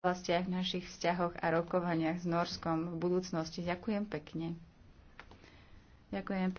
oblastiach v našich vzťahoch a rokovaniach s Norskom v budúcnosti. Ďakujem pekne. Ďakujem pekne.